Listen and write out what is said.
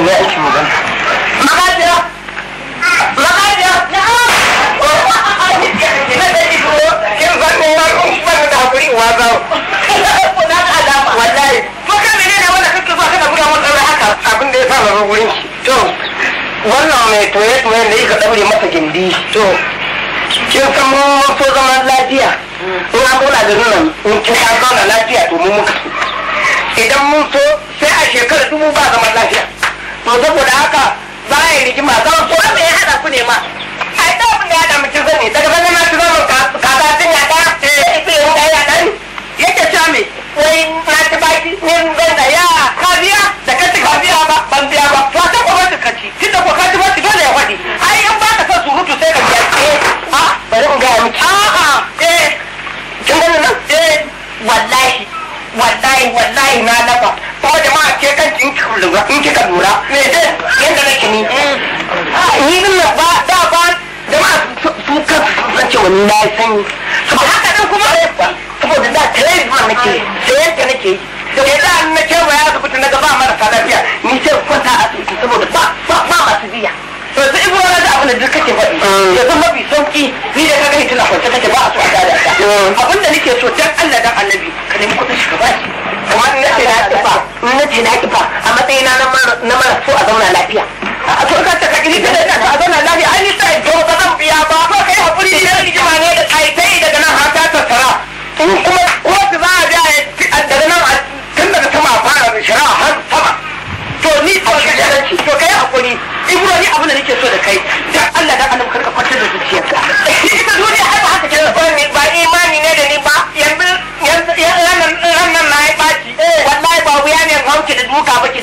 nan ya aiki mu gani magajiya magajiya na'am ya wa da idan mun so sai a shekara dubu ba zaman lafiya to saboda haka ba ya rigima za mu so me ya hada ku ne ma ai da abin da ya damu kin sani daga sanin na tuzo mun kaza tun ya da ife yin da ya dan yake cewa me wai na ci baki ne zan da ya kabiya da kace kabiya ba ban biya ba to ta ko wata kaci tun da ko kaci ba ki dole ya faɗi ai in ba ka son surutu sai ka biya ce eh, a bari in gaya miki a'a a eh kin gani nan eh wallahi wallahi wallahi na dafa kuma jama'a ke kan in kika lura in kika lura me zai yadda nake ni ni din nan ba da ba jama'a su kan su san cewa ni na san ba haka nan kuma saboda da television nake sayar ta nake da ya da na ke wa ya rubuta na gaba marasa lafiya ni sai kwanta a asibiti saboda ba ba masu biya to sai ibo na da abin da kake faɗi mm. ya zama mafi sauki ni da kaga hituna kwanta kake ba a so a dada mm. abin da nake so na ce na kifa a matsayina na mara so a zauna lafiya a to ka ta kiri da ta a zauna lafiya an yi sai to ba zan biya ba ko kai hakuri da rigima ne da kai sai daga nan har ta tattara in kuma ko za a ja daga nan tun daga sama fara da shari'a har sama to ni to kai hakuri ibro ni abin da nake so da kai julgava aqui